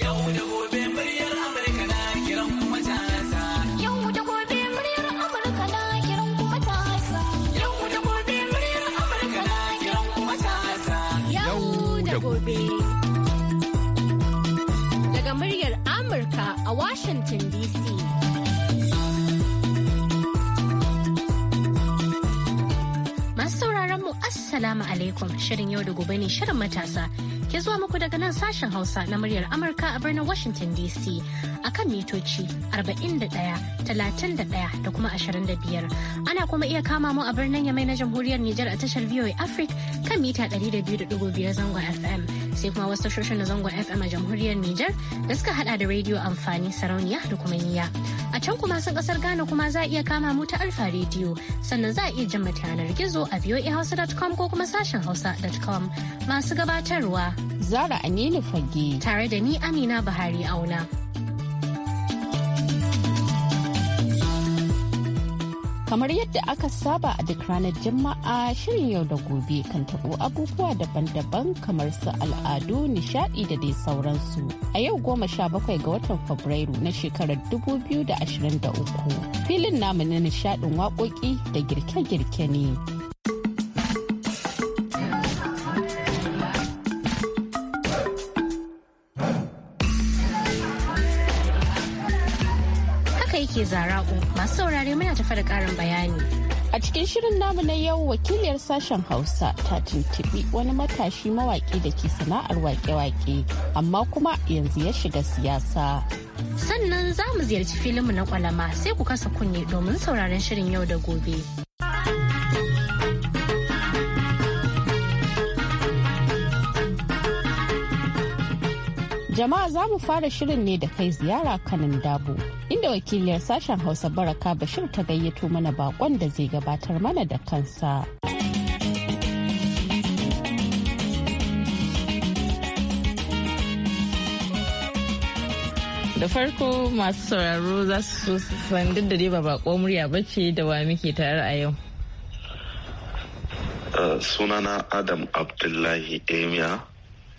Yau da gobe muryar Amurka na kiran kuma ta Yau da gobe muryar Amurka na kiran kuma ta Yau da gobe muryar Amurka na kiran kuma ta Yau da gobe. Daga muryar Amurka a Washington DC. Masu sauraron mu Assalamu alaikum shirin yau da gobe ne shirin matasa ke zuwa muku daga nan sashen Hausa na muryar Amurka a birnin Washington DC a kan mitoci 41, 31 da kuma 25. Ana kuma iya kama mu a birnin Yamai na Jamhuriyar Nijar a tashar VOA Africa kan mita 200.5 zangon FM. sai kuma wasu tashoshin na zangon FM a jamhuriyar Nijar da suka hada da rediyo amfani sarauniya da kuma niya. A can kuma sun kasar Ghana kuma za a iya kama mu ta Alfa rediyo sannan za a iya jin mata yanar gizo a voahausa.com ko kuma sashen hausa.com masu gabatarwa. Zara Aminu Fage. Tare da ni Amina Buhari Auna. Kamar yadda aka saba a duk ranar jama'a shirin yau da gobe kan tabo abubuwa daban-daban kamar su al'adu, nishadi da dai sauransu. A yau goma sha bakwai ga watan Fabrairu na shekarar dubu biyu da da uku Filin namu na nishadin waƙoƙi da girke-girke ne. haka yake zara'u masu saurare muna tafa da karin bayani. A cikin shirin namu na yau wakiliyar sashen Hausa ta tuntuɓi wani matashi mawaƙi da ke sana'ar waƙe-waƙe amma kuma yanzu ya shiga siyasa. Sannan za mu ziyarci filinmu na kwalama sai ku kasa kunne domin sauraron shirin yau da gobe. Jama'a za mu fara shirin ne da kai ziyara kanin dabo inda wakiliyar sashen Hausa Baraka Bashir ta gayyato mana bakon da zai gabatar mana da kansa. da farko masu sauraro za su so san duk da murya ba ce murya bace da wa muke tare a yau. Uh, sunana Adam Abdullahi Emiya.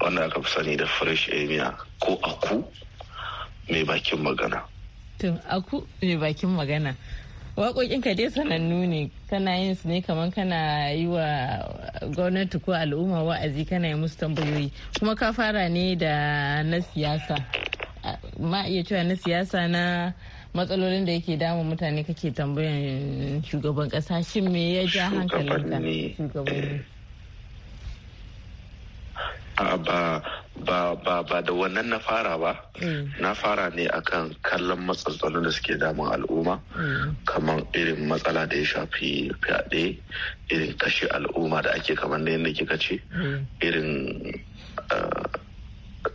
wanda aka fi sani da fresh emia ko aku mai bakin magana To aku mai bakin magana waƙoƙinka dai sanannu ne kana yin su ne kamar kana yi wa gwamnati ko al'umma wa'azi kana yi musu tambayoyi kuma ka fara ne da na siyasa ma iya cewa na siyasa na matsalolin da yake damun mutane kake tambayan shugaban kasa shin me ya ja hankalinka ba ba ba ba da wannan na fara ba mm. na fara ne akan kallon matsalolin da suke damun al'umma mm. kamar irin matsala da ya shafi fyaɗe irin kashe al'umma da ake kamar da yadda kika ce mm. irin ah,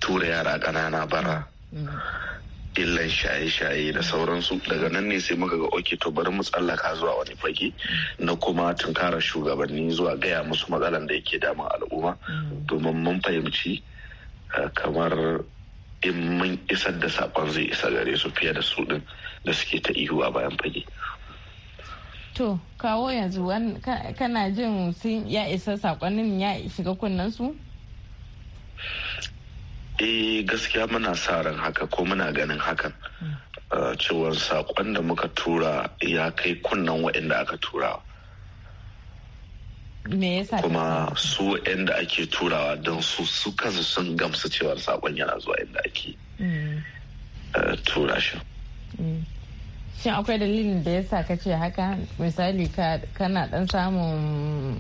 tura yara ƙanana bara illan shaye-shaye da sauransu daga nan ne sai muka ga oke to bari mu tsallaka zuwa wani fage na kuma tunkarar shugabanni zuwa gaya musu matsalan da yake damun al'umma domin mun fahimci eh, kamar in mun isar da sakon zai isa gare su fiye da su ɗin da suke ta ihu a bayan fage to kawo yanzu kana jin sun ya isa sakonnin ya shiga kunnen su eh gaskiya muna sa ran haka ko muna ganin hakan mm. eh, cewar saƙon da muka tura ya kai kunnan waɗanda aka tura kuma su da ake turawa don su su kansu sun gamsu cewar saƙon yana zuwa inda ake mm. eh, tura shi mm. shin akwai dalilin da ya sa ka ce haka misali kana dan samun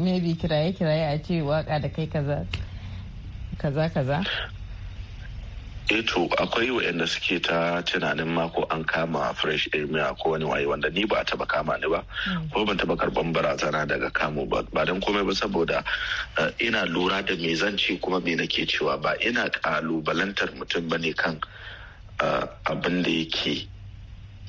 maybe kiraye-kiraye a ce waka da kai kaza kaza kaza eh to akwai wa'anda suke ta tunanin mako an kama fresh emir ko wani waye wanda ni ba a taba kama ni ba hmm. ko ban taba karban barazana daga kamu ba ba dan komai ba saboda eh, ina lura da me ce kuma me nake cewa ba ina kalubalantar mutum bane kan eh, abin da yake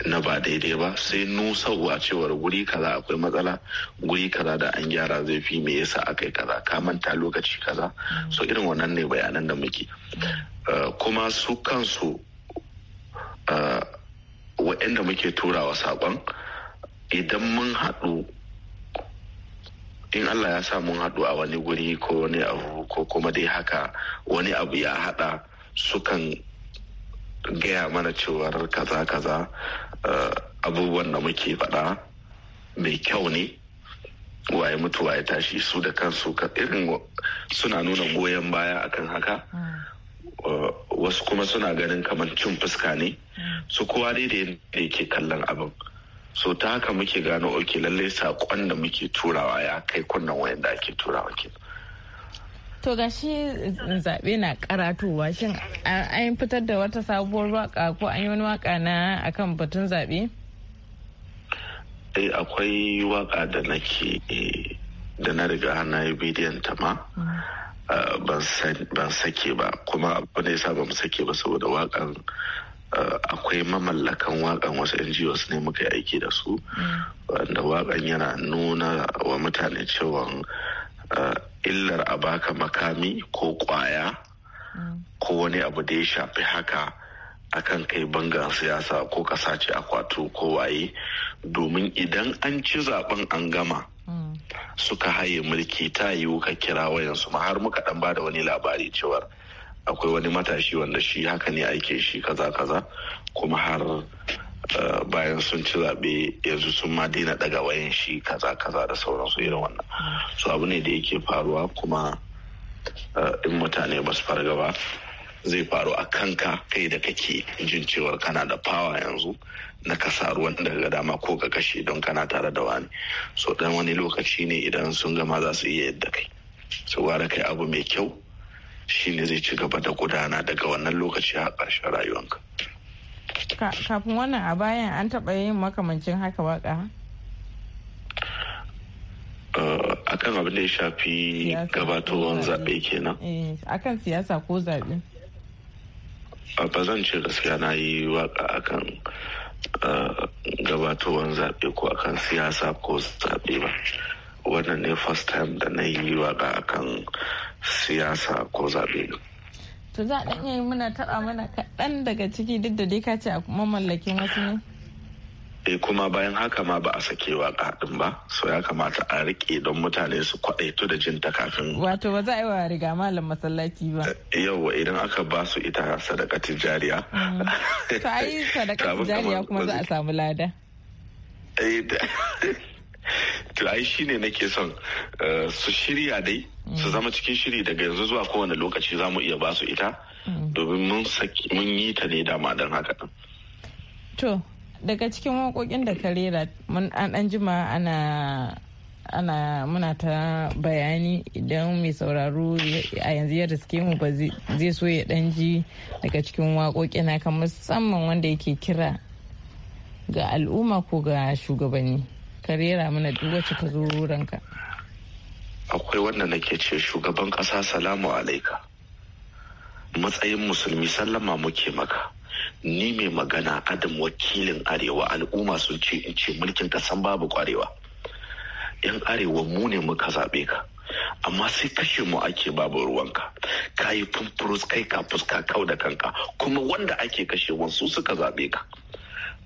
na ba daidai ba sai nusau a cewar guri kaza akwai matsala guri kaza da an gyara zai fi me yasa akai kaza ka manta lokaci kaza so irin wannan ne bayanan da muke uh, kuma su kansu uh, muke turawa saƙon idan mun haɗu in Allah ya sa mun haɗu a wani guri ko wani abu ko kuma dai haka wani abu ya haɗa sukan gaya mana cewar kaza kaza uh, abubuwan da muke faɗa mai kyau ne waye mutu waye tashi su da kansu irin suna nuna goyon baya akan haka hmm. uh, wasu kuma suna ganin kamar cin fuska ne hmm. su kowa dai da yake kallon abin so ta haka muke gano oke lallai saƙon da muke turawa ya kai kunnan wayan da ake turawa kenan To shi zaɓe na karatuwa shin an fitar da wata sabuwar waka ko an yi wani waka na akan batun zaɓe? Eh akwai waka da nake da na riga na yi bidiyon ta ma mm. ah, ban sake ba kuma abu ne sa ba sake ba saboda wakan ah, akwai mamallakan wakan wasu NGOs ne muka yi aiki da su mm. wanda wakan yana nuna wa mutane cewa ah, illar a baka makami ko kwaya ko wani abu da ya shafi haka akan kai bangan siyasa ko kasace akwato ko waye domin idan an ci zaben an gama suka haye mulki ta yiwu ka kira wayansu ma har muka dan bada wani labari cewar akwai wani matashi wanda shi haka ne aike shi kaza kaza kuma har Eh, bayan sun ci zaɓe yanzu sun ma daina ɗaga wayan shi kaza kaza da sauransu irin wannan so abu ne da yake faruwa kuma eh, in mutane ba su farga ba zai faru a kanka kai da kake jin cewar kana da fawa yanzu na kasa ruwan daga dama ko ka kashe don kana tare da wani so dan wani lokaci ne idan sun gama za su iya yadda kai su gwara kai abu mai kyau shine zai ci gaba da gudana daga wannan lokaci a ƙarshen rayuwanka. kafin wannan a bayan an taɓa yin makamancin haka waka eh, kan abin da ya shafi gabatowar zaɓe kenan eh, kan siyasa ko zaɓe ba zan ce gaskiya na yi waka kan eh, gabatowar zaɓe ko a kan siyasa ko zaɓe ba wannan ne first time da na yi waka kan siyasa ko zaɓe to za a ɗanye muna taɓa mana kaɗan daga ciki duk da dai ka ce a mamallakin wasu ne e kuma bayan haka ma ba a sake wa din ba so ya kamata a rike don mutane su to da jinta kafin wato ba za a yi wa riga malam masallaci ba eh, yauwa idan aka ba su ita sadaka tijariya mm. to a yi sadaka tijariya kuma za a samu lada eh, to ai shine nake son eh, su shirya dai su mm. zama cikin shiri daga yanzu zuwa kowane lokaci za mu iya basu ita mm. domin mun yi ta ne dama don haka to daga cikin wakokin da ka rera mun an ɗan jima ana ana muna ta bayani idan mai sauraro a yanzu ya riske mu ba zai so ya dan ji daga cikin wakokin na kan musamman wanda yake kira ga al'umma ko ga shugabanni ka rera mana duk wacce ta zo ranka akwai wanda nake ce shugaban ƙasa salamu alaika matsayin musulmi sallama muke maka ni mai magana adam wakilin arewa al'umma sun ce in ce mulkin kasan babu kwarewa yan arewa mu ne muka zaɓe ka amma sai kashe mu ake babu ruwanka ka yi kai ka fuska kau da kanka kuma wanda ake kashe su suka zaɓe ka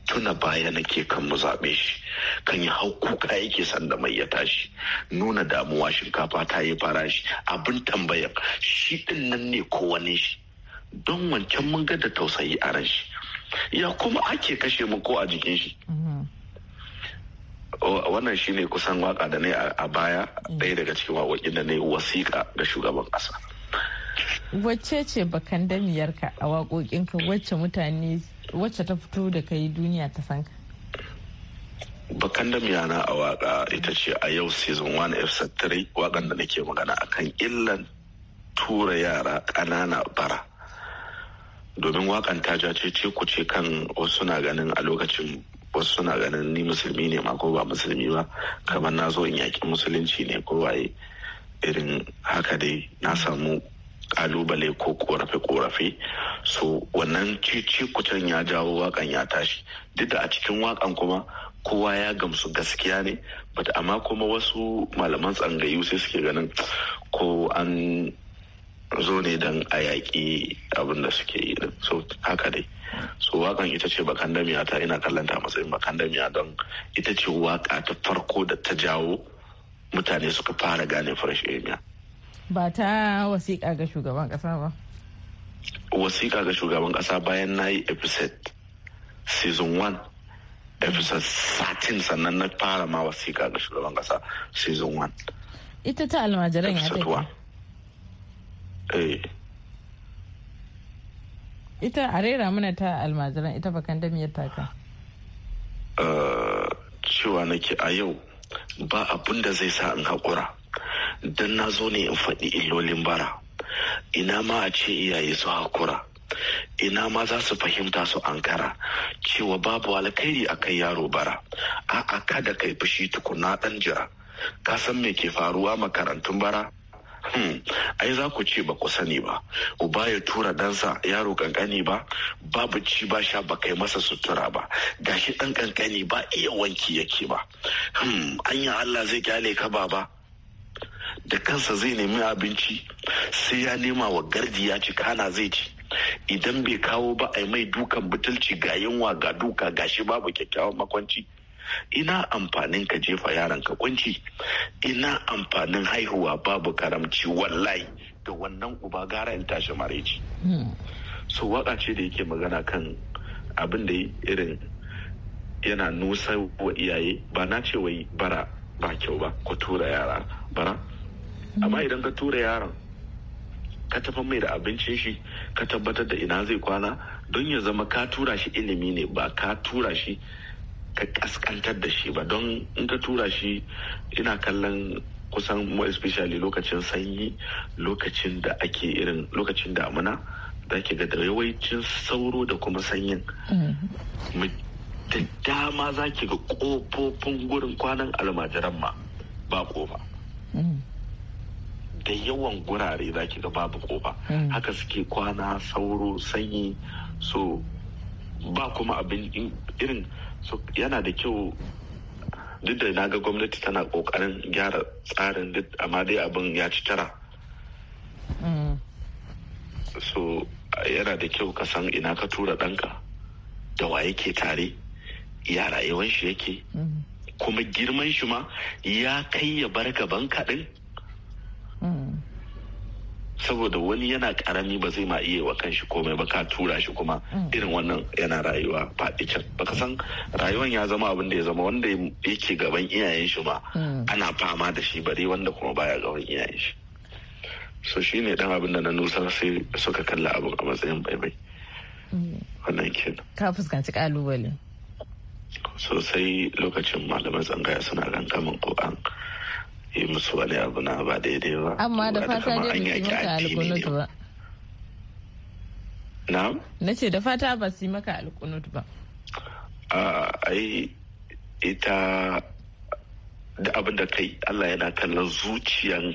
tuna baya nake kan mu zaɓe shi kan yi hau kuka yake sanda mai ya tashi nuna damuwa shinkafa ta yi shi abin tambayar shi ɗin nan ne ko shi don wancan mun ga da tausayi a ran shi ya kuma ake kashe mu ko a jikin shi mhm. wannan shi ne kusan waka da ne a baya ɗaya daga cikin waƙoƙin da ne wasiƙa ga shugaban ƙasa wacce ce bakan damiyarka a waƙoƙinka wacce mutane wacce ta fito da kai duniya ta san bakan da miyana a waka ita ce a yau season 1 fc 3 wakan da nake magana akan illan tura yara kanana bara domin wakan ta jace ce ku ce kan wasu na ganin a lokacin wasu suna ganin ni musulmi ne ma ko ba musulmi ba kamar na zo in yaƙi musulunci ne ko waye irin haka dai na samu kalubale ko korafe-korafe so wannan kucin ya jawo wakan ya tashi duk da a cikin wakan kuma kowa ya gamsu gaskiya ne but amma kuma wasu malaman tsangayu sai suke ganin ko an zo ne don a yaƙi abin suke yi so haka dai so wakan ita ce bakan damiya ta ina kallanta ta matsayin bakan damiya don ita ce waka ta farko da ta jawo mutane suka fara gane fresh ba ta wasiƙa ga shugaban ƙasa ba wasiƙa ga shugaban ƙasa bayan na yi episode season 1 episode 13 sannan na fara ma wasiƙa ga shugaban ƙasa season 1 ita ta almajiran ya take eh. ita a rera mana ta almajiran ita bakan damiyar taka eh, cewa nake a yau ba abun da zai sa in haƙura don na zo ne in faɗi illolin bara ina ma a ce iyaye su hakura ina ma za su fahimta su ankara cewa babu alkhairi a kai yaro bara a'a kada kai fushi tukuna ɗan jira ka san me ke faruwa makarantun bara Hmm. ai za ku ce ba ku sani ba uba ya tura ɗansa yaro ƙanƙani ba babu ci ba sha ba kai masa sutura ba gashi ɗan ƙanƙani ba iya wanki yake ba hmm. anya Allah zai kyale ka ba ba da kansa zai nemi abinci sai ya nema wa ya ci kana zai ci idan bai kawo ba a mai dukan butulci ga yunwa ga duka ga shi babu kyakkyawan makwanci ina amfanin ka jefa yaran ka kunci ina amfanin haihuwa babu karamci wallahi da wannan uba gara in tashi mareci hmm. so waka ce da yake magana kan abin da irin yana nusa wa iyaye ba na ce wai bara ba kyau ba ku tura yara bara amma idan ka tura yaron ka tafi mai da abincin shi ka tabbatar da ina zai kwana don ya zama ka tura shi ilimi ne ba ka tura shi ka kaskantar da shi ba don in ka tura shi ina kallon kusan more especially lokacin sanyi lokacin da ake irin lokacin damuna da ke ga da yawancin sauro da kuma sanyin mm-hmm. da dama za ki ga kofofin gurin kwanan almajiran ma ba kofa mm. da yawan gurare za ki ga babu koba. Mm. haka suke kwana sauro sanyi so ba kuma abin irin so yana da kyau duk da na ga gwamnati tana kokarin gyara tsarin duk amma dai abin ya ci tara mm. so yana da kyau ka san ina ka tura ɗanka da wa yake tare ya rayuwan shi yake mm. kuma girman shi ma ya kai ya bar gaban kaɗin saboda wani yana karami ba zai ma iya wa kanshi komai ba ka tura shi kuma mm. irin wannan yana rayuwa faɗi can baka san rayuwan ya zama abin da ya zama wanda yake gaban iyayen shi ma mm. ana fama da shi bare wanda kuma baya gaban iyayen shi so shi ne dan abin da na nusa sai suka kalla abin a matsayin baibai mm. wannan kenan ka fuskanci kalubale sosai lokacin malaman tsangaya suna rankamin ko yi eh, musu wani abu na ba daidai ba amma da fata dai ba su maka alkunut ba na'am na ce da fata ba su maka alkunut ba a ai ita da abin da kai Allah yana kallon zuciyan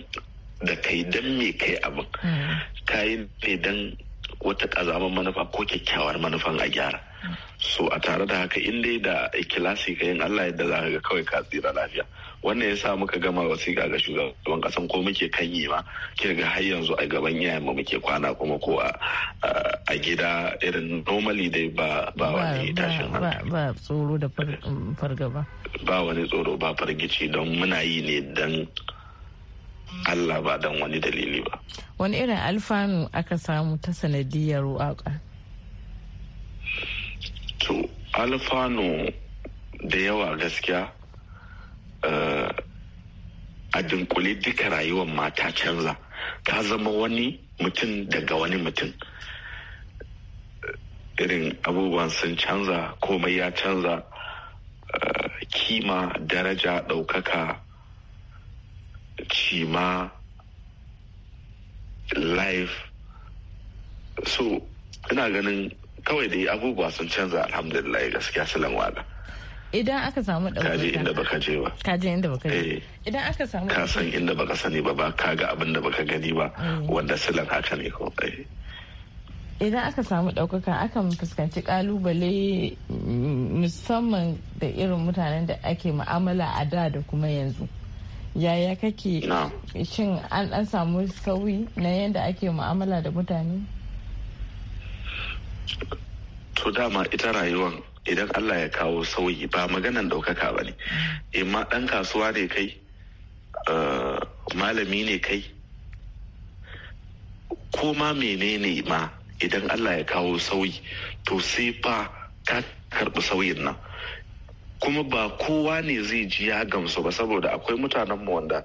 da kai dan me kai abin hmm. kayi dan wata kazaman manufa ko kyakkyawar manufan a gyara so a tare da haka in dai da ikilasi ka yin Allah yadda za ka ga kawai ka tsira lafiya wannan ya sa muka gama wasiƙa ga shugaban kasan ko muke kan yi ma ke ga har yanzu a gaban ma muke kwana kuma ko a gida irin normally dai ba ba wani tashin hankali ba tsoro da fargaba ba wani tsoro ba fargici don muna yi ne don Allah ba dan wani dalili ba. Wani irin alfanu aka samu ta sanadiyar waka? To, alfanu da yawa gaskiya eh, a dunkule duka rayuwar mata canza ta zama wani mutum daga wani mutum. Irin abubuwan sun canza komai ya canza eh, kima daraja ɗaukaka ci ma life so ina ganin kawai dai abubuwa sun canza alhamdulillah gaskiya salam wala idan aka samu ɗaukaka kaje inda baka je ba kaje inda baka je eh. idan aka samu ka san inda baka sani ba ba ka ga abin da baka gani ba mm. wanda silan haka ne ko eh. idan aka samu ɗaukaka akan fuskanci kalubale mm, musamman da irin mutanen da ake mu'amala a da da kuma yanzu yaya kake shin an dan samu sauyi na yadda ake mu'amala da mutane to dama ita rayuwan idan allah ya kawo sauyi ba maganan daukaka ba ne imma ɗan kasuwa ne kai eh, malami ne kai ko ma menene ma idan allah ya kawo sauyi to sai fa ka karbi sauyin nan kuma ba kowa ne zai ji ya gamsu ba saboda akwai mutanen mu wanda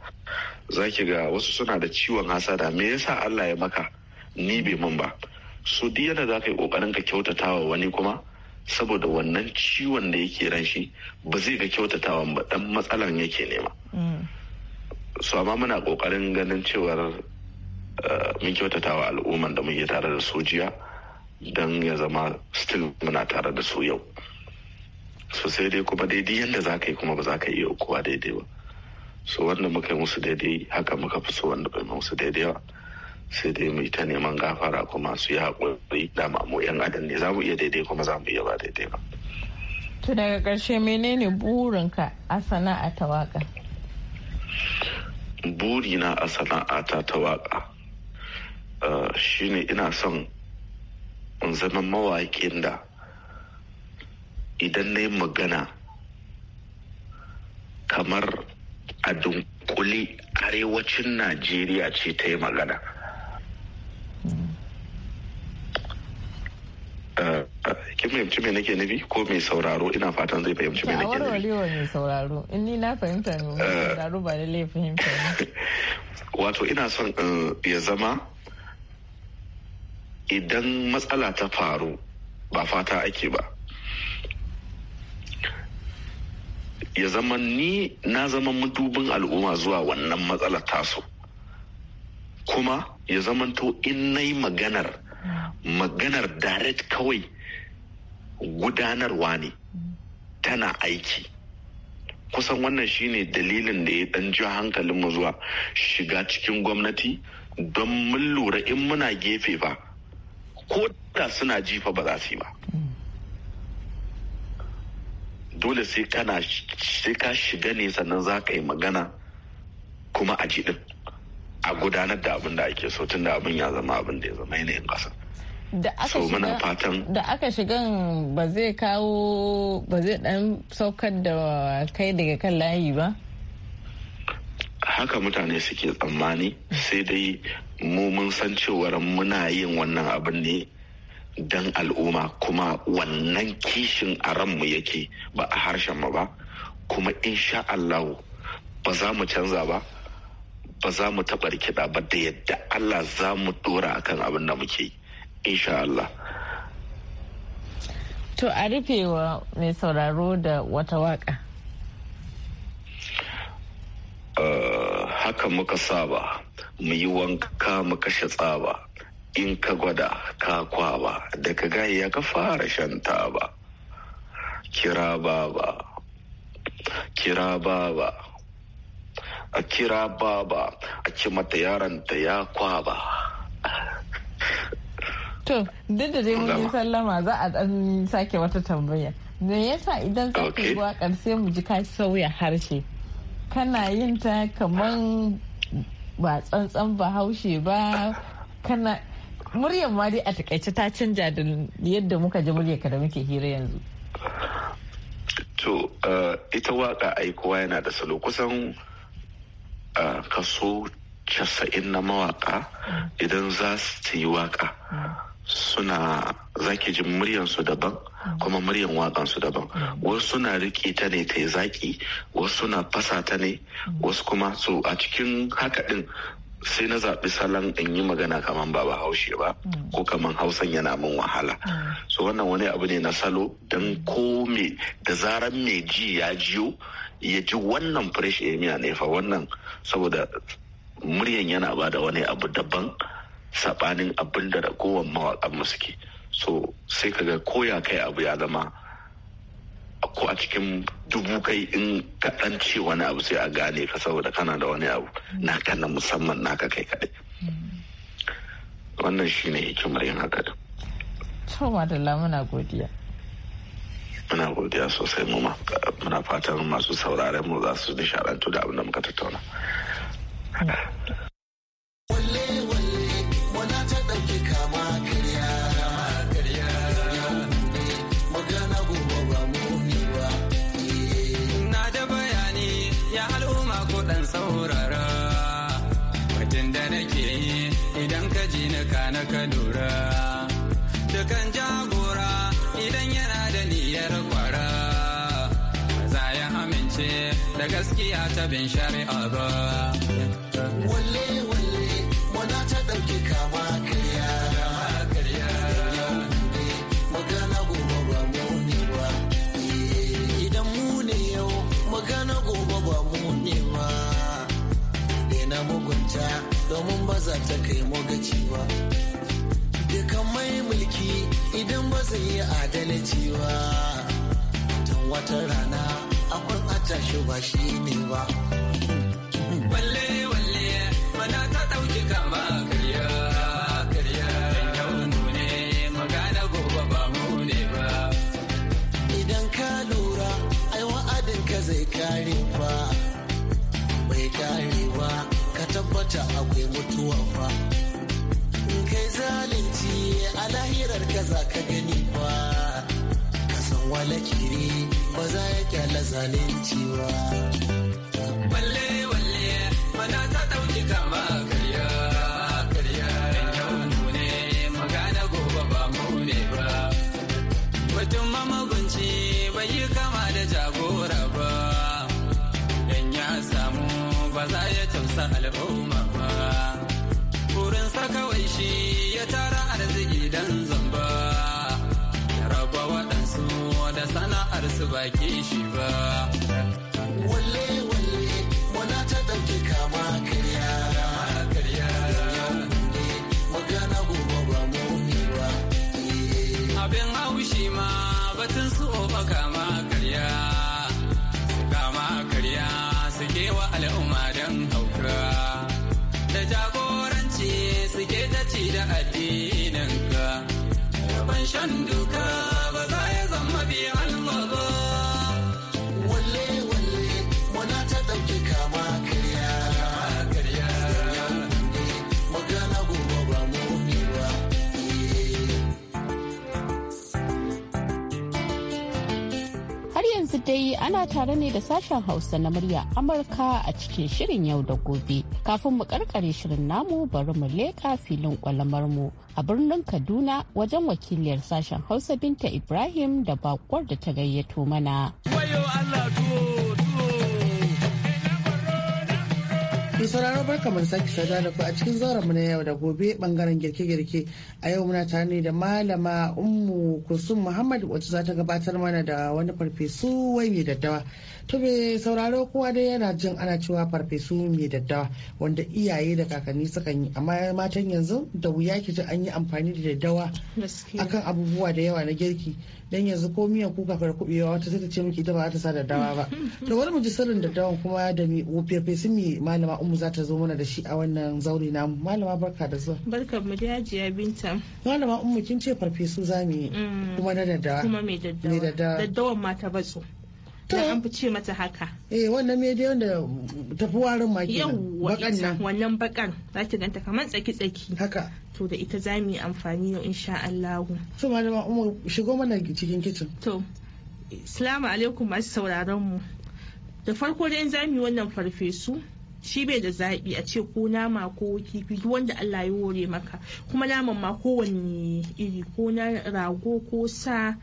zaki ga wasu suna da ciwon hasada me yasa Allah ya maka ni bai mun ba so duk yadda za ka yi kokarin ka kyautatawa wani kuma saboda wannan ciwon da yake ran shi ba zai ga kyautatawa ba dan matsalan yake nema mm. so amma muna kokarin ganin cewar eh, mun kyautatawa al'umman da muke tare da sojiya jiya don ya zama still muna tare da su yau so sai dai kuma daidai yadda za ka yi kuma ba za ka iya ukuwa daidai ba so wanda muka yi musu daidai haka muka fi so wanda bai musu daidai ba sai dai mu ta neman gafara kuma su yi haƙuri da mu yan adam ne za mu iya daidai kuma za mu iya ba daidai ba to daga ƙarshe menene burinka a sana'a ta waƙa. burina a sana'ata ta waƙa eh, shine ina son in zama mawaƙin da idan na yi magana kamar a dunkuli arewacin najeriya ce ta yi magana eh, eh, kin fahimci me nake nufi ko mai sauraro ina fatan zai fahimci me nake nufi mai sauraro in ni na fahimta ne mai eh. sauraro ba lalle fahimta wato ina son ya zama idan matsala ta faru ba fata ake ba ya zama ni na zama madubin al'umma zuwa wannan matsalar tasu kuma ya zama to in na yi maganar maganar direct kawai gudanarwa ne tana aiki kusan wannan shine dalilin da ya dan ji hankalinmu zuwa shiga cikin gwamnati don mun lura in muna gefe ba ko da suna jifa ba za su yi ba dole sai kana sai ka shiga ne sannan za ka yi magana kuma a ji a gudanar da abin da ake so tun da abin ya zama abin da ya zama yanayin ƙasa da aka shiga shigan ba zai kawo ba zai dan saukar da kai daga kan layi ba haka mutane suke tsammani sai dai mu mun san cewar muna yin wannan abin ne dan al'umma kuma wannan kishin a ranmu yake ba a harshen mu ba kuma insha Allah ba za mu canza ba ba za mu taɓa rikida ba da yadda Allah za mu dora akan abin da muke insha Allah to a rufewa mai sauraro da wata waka eh, haka muka saba mu yi wanka muka kashe tsaba in ka gwada ka kwaba daga gayya ka fara shan taba kira baba kira baba a kira baba a ci mata yaranta ya kwaba to duk da dai mun yi sallama za a dan sake wata tambaya me yasa idan za ka yi waƙar sai mu ji ka sauya harshe kana yin ta kaman ba tsantsan bahaushe ba kana muryar ma dai a takaice ta canja da yadda muka ji ka da muke hira yanzu to eh, ita waka aikowa yana da salo kusan eh, kaso casa'in na mawaka idan za su yi waka suna zaki ji muryansu daban kuma muryan waƙansu daban wasu suna riƙe ta ne ta yi zaki wasu suna fasa ta ne wasu kuma su a cikin haka ɗin sai na zaɓi salon in yi magana kaman ba haushe ba mm. ko kaman hausan yana min wahala mm. so wannan wani abu ne na salo don ko me da zaran mai ji ya jiyo ya ji wannan fresh emia ne fa wannan saboda muryan yana ba da wani abu daban saɓanin abin da ragowar mawaƙan mu suke so sai kaga koya kai abu ya zama ko a cikin dubu kai in kaɗan ce wani abu sai a gane ka saboda kana da wani abu na kana musamman naka kai kaɗai wannan shi ne hikimar yin haka da madalla muna godiya muna godiya sosai mu muna fatan masu sauraren mu za su nishadantu da abin da muka tattauna mm. ka lura jagora idan yana da niyyar kwara za ya amince da gaskiya ta bin shari'a ba Wale-wale, wana ta ɗauki kama karya magana gobe ba mu ne ba idan mu ne yau magana gobe ba mu ne ba na mugunta domin ba ta kai mu gaci ba mulki idan ba zai yi adalci ba don wata rana akwai ata shi ba shi ne ba walle walle mana ta ɗauki kama karya ba ka lura zai kare ba bai ba ka tabbata akwai mutuwa fa zalunci a lahirar ka za ka gani ba san wala kiri ba za ya kyala zalunci ba balle walle mana ta dauki kama karya karya yau ne magana gobe ba mu ne ba mutum magunci bai yi kama da jagora ba yan ya samu ba za ya tausa al'umma fa kawai shi ya tara arziki dan zamba raba waɗansu da sana'ar su baki shi ba ana tare ne da sashen hausa na murya amurka a cikin shirin yau da gobe kafin mu karkare shirin namu bari mu leƙa filin kwalamar mu a birnin kaduna wajen wakiliyar sashen hausa binta ibrahim da bakwar da ta gayyato mana. Mai sauraro barka mu sake sada da ku a cikin zauren mu na yau da gobe bangaren girke-girke. A yau muna tare ne da malama Ummu Kusum Muhammad wacce za ta gabatar mana da wani farfesu wai mai daddawa. Tube sauraro kowa dai yana jin ana cewa farfesu mai daddawa wanda iyaye da kakanni suka yi amma matan yanzu da wuya ki ji an yi amfani da daddawa akan abubuwa da yawa na girki dan yanzu ko miyan kuka kar kubewa wata sai ta ce miki ita ba za ta sa daddawa ba to wani mu ji sirrin daddawan kuma da mi farfesu mai malama ummu za ta zo mana da shi a wannan zauri namu malama barka da zuwa barka mu dajiya binta malama ummu kin ce farfesu zamu yi mm. kuma na daddawa kuma mai daddawa daddawan mata ta batso an fi ce mata haka eh wannan mediyon da tafi warin ma kenan bakan nan wannan bakan za ki ganta kamar tsaki-tsaki haka to da ita za mu yi amfani yau insha Allah to malama Umar shigo mana cikin kitchen to Assalamu alaikum masu sauraron mu da farko dai za mu yi wannan farfesu shi bai da zaɓi a ce ko nama ko kifi wanda Allah ya wore maka kuma naman ma kowanne iri ko na rago ko sa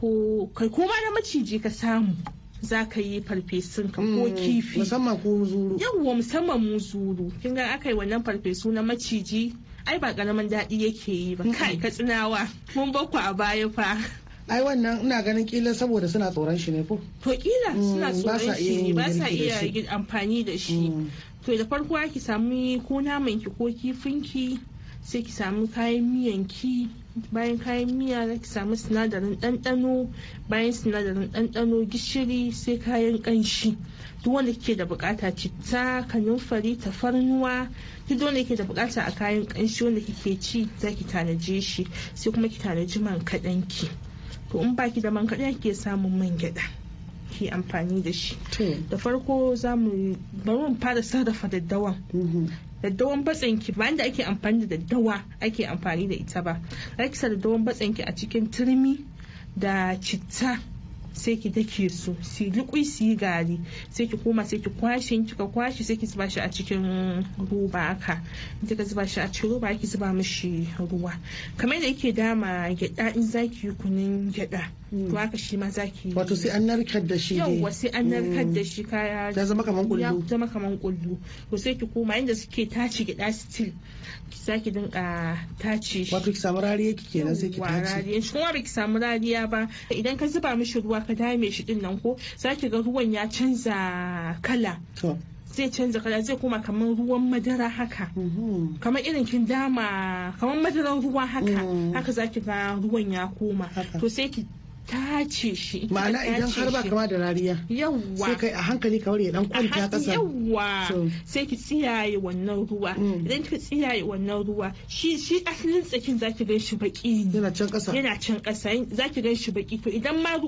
ko kai ko ma na maciji ka samu za ka yi farfesun ka ko mm, kifi musamman ko zuru yawwa musamman mu zuru kin ga aka yi wannan farfesu na maciji ai ba karamin daɗi yake yi ba kai ka tsinawa mun bakku a baya fa ai wannan ina ganin kila saboda suna tsoron shi ne ko to kila mm, suna tsoron shi ne ba sa iya amfani da shi mm. to da farko ki samu ko naman ki ko kifin ki sai ki samu kayan miyan ki bayan kayan miya za ki samu sinadarin ɗanɗano bayan sinadarin ɗanɗano gishiri sai kayan ƙanshi duk wanda ke da bukata citta kanumfari tafarnuwa duk wanda ke da bukata a kayan ƙanshi wanda kike ci za ki tanaje shi sai kuma ki tanaji man kaɗan ki to in baki da man kaɗan ki samun man gyaɗa ki amfani da shi da farko za mu bari mu fara sarrafa daddawan mm-hmm. daddawan batsen ki ba da ake amfani da daddawa ake amfani da ita ba za ki sa daddawan batsen a cikin turmi da citta sai ki dake su su liƙui su yi gari sai ki koma sai ki kwashe in kika kwashe sai ki zuba shi a cikin roba haka in kika zuba shi a cikin roba ki zuba mishi ruwa kamar yadda yake dama gyaɗa in zaki yi kunun gyaɗa to haka shi ma zaki wato sai an narkar da shi yawwa sai an narkar da mm. shi kaya ya zama kaman kullu ya zama kaman kullu to sai ki koma inda suke tace gyaɗa still ki saki dinka tace shi wato ki samu rariya kike nan sai ki tace rariya shi kuma ba ki samu rariya ba idan ka zuba mishi ruwa ruwa ka dame shi din nan ko zaki ga ruwan ya canza kala zai canza kala zai koma kamar ruwan madara haka mm-hmm. kamar irin kin dama kamar madaran ruwa haka mm. haka zaki ga ruwan ya koma to sai ki Ta ce shi ma'ana idan har ba kama da rariya yawwa sai kai a hankali kamar ya dan kwanta kasa yawwa sai ki tsiyaye wannan ruwa mm. idan ki tsiyaye wannan ruwa shi shi asalin tsakin zaki gan shi baki yana can kasa yana can kasa zaki gan shi baki to idan ma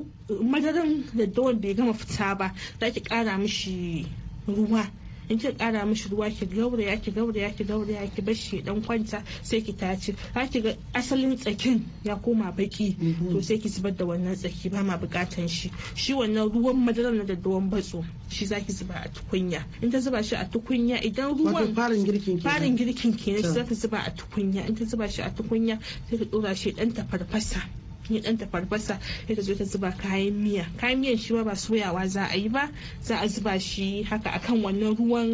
madaran da bai gama fita ba zaki kara mishi ruwa in ki kara mishi ruwa ki gauraya ki gauraya ki gauraya ki bar shi dan kwanta sai ki tace za ki ga asalin tsakin ya koma baki to sai ki zubar da wannan tsaki ba ma bukatan shi shi wannan ruwan madarar na daddawan batso shi za ki zuba a tukunya in ta zuba shi a tukunya idan ruwan farin girkin kenan farin girkin za ta zuba a tukunya in ta zuba shi a tukunya sai ta dora shi dan tafarfasa yi dan farfasa sai ta zo ta zuba kayan miya kayan miyan shi ba soyawa za a yi ba za a zuba shi haka akan wannan ruwan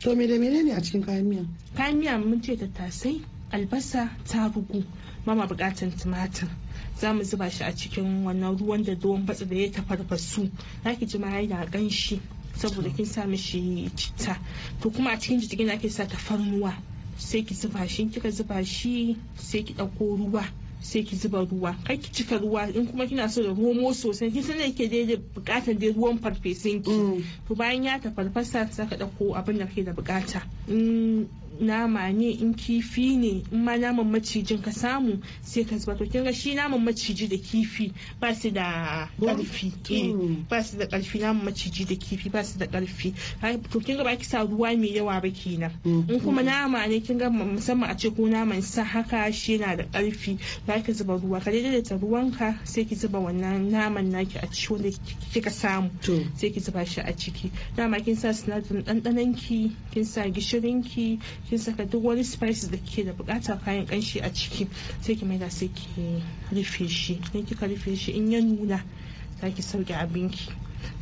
to me da menene a cikin kayan miya kayan miya mun ce tattasai albasa tarugu mama bukatan tumatir za mu zuba shi a cikin wannan ruwan da don batsa da ya tafarfasu zaki ji ma yana ganshi saboda kin sa mishi citta to kuma a cikin jijigin ake sa tafarnuwa sai ki zuba shi kika zuba shi sai ki ɗauko ruwa sai ki zuba ruwa kai ki cika ruwa in kuma kina so da homo sosai kin san yake daidai bukatar dai ruwan farfesunki mm. to bayan ya tafarfasa farfasa saka dauko abin da kake da bukata nama ne in kifi ne in ma naman macijin ka samu sai ka zuba to kin ga shi naman maciji da kifi ba su da karfi ba su da eh, karfi naman maciji da kifi ba su da karfi to kin ga ba ki sa ruwa mai yawa ba kenan mm-hmm. in kuma nama ne kin ga musamman a ce ko naman sa haka shi yana da karfi ba ki zuba ruwa ka daidaita ruwanka sai ki zuba wannan naman naki a ciki wanda kika samu sai ki zuba shi a ciki dama kin sa sinadarin ɗanɗanonki kin sa gishirinki kin saka duk wani spices da kike da bukata kayan kanshi a ciki sai ki maida sai ki rufe shi in kika rufe shi in ya nuna za ki sauke abinki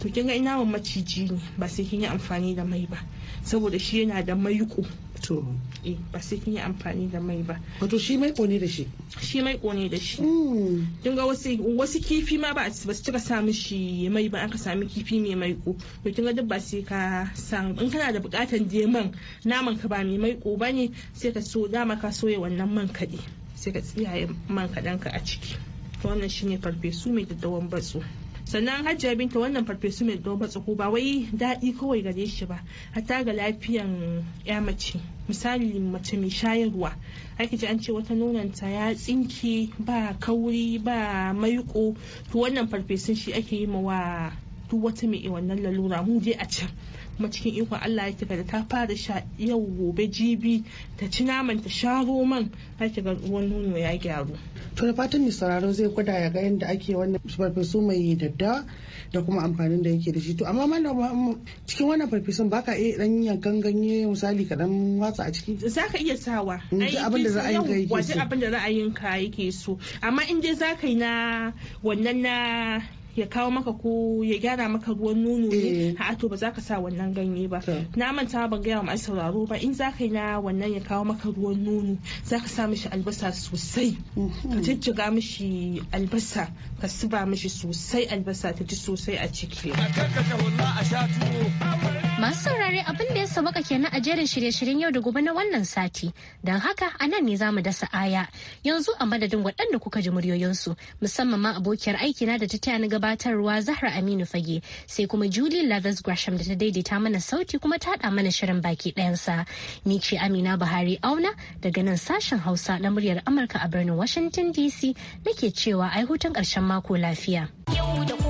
to kin ga ina wa maciji ne ba sai kin yi amfani da mai ba saboda shi yana da maiko to eh ba sai kin yi amfani da mai ba wato shi mai ne da shi shi mai ne da shi hmm. kin ga wasu wasu kifi ma ba ba su cika sa mishi mai ba aka sami kifi mai maiko to kin ga duk ba sai ka san in kana da bukatan man naman ka ba mai maiko bane sai ka so dama ka soya wannan man kaɗe sai ka tsiyaye man kaɗan ka a ciki wannan shine farfesu mai daddawan batsu. sannan hajiya binta wannan farfesu mai doba tsoho ba wai daɗi kawai gare shi ba hatta ga lafiyan ya mace misali mace mai shayarwa ake ji an ce wata nonanta ya tsinki ba kauri ba maiko to wannan farfesun shi ake yi wa duk wata mai wannan lalura mu je a can kuma cikin ikon Allah yake da ta fara sha yau gobe jibi ta ci naman ta sha roman har ga ruwan nono ya gyaru to da fatan mai sauraro zai gwada ya ga yadda ake wannan farfesu mai dadda da kuma amfanin da yake da shi to amma malama cikin wannan farfesun baka iya dan yankan ganye misali kaɗan watsa a ciki zaka iya sawa mm, abin da ra'ayin ka yake so abin da ra'ayin ka yake so amma in dai zaka yi na wannan na ya kawo maka ko ya gyara maka ruwan nono ne eh. a to ba za ka sa wannan ganye ba na manta ban gaya wa sauraro ba in za ka yi na wannan ya kawo maka ruwan nono za ka sa mishi albasa sosai ka mm-hmm. jijjiga mishi albasa ka siba mishi sosai albasa ta ji sosai a ciki. Masu saurare abin da ya sabaka kenan a jerin shirye-shiryen yau da gobe na wannan sati. Don haka a nan ne za mu dasa aya. Yanzu a madadin waɗanda kuka ji muryoyinsu musamman ma abokiyar aikina da ta taya ni gabatarwa Zahra Aminu Fage sai kuma Julie Lathers Gresham da ta daidaita mana sauti kuma ta haɗa mana shirin baki ɗayansa. Ni ce Amina Buhari Auna daga nan sashen Hausa na muryar Amurka a birnin Washington DC nake cewa ai hutun ƙarshen mako lafiya. Yau da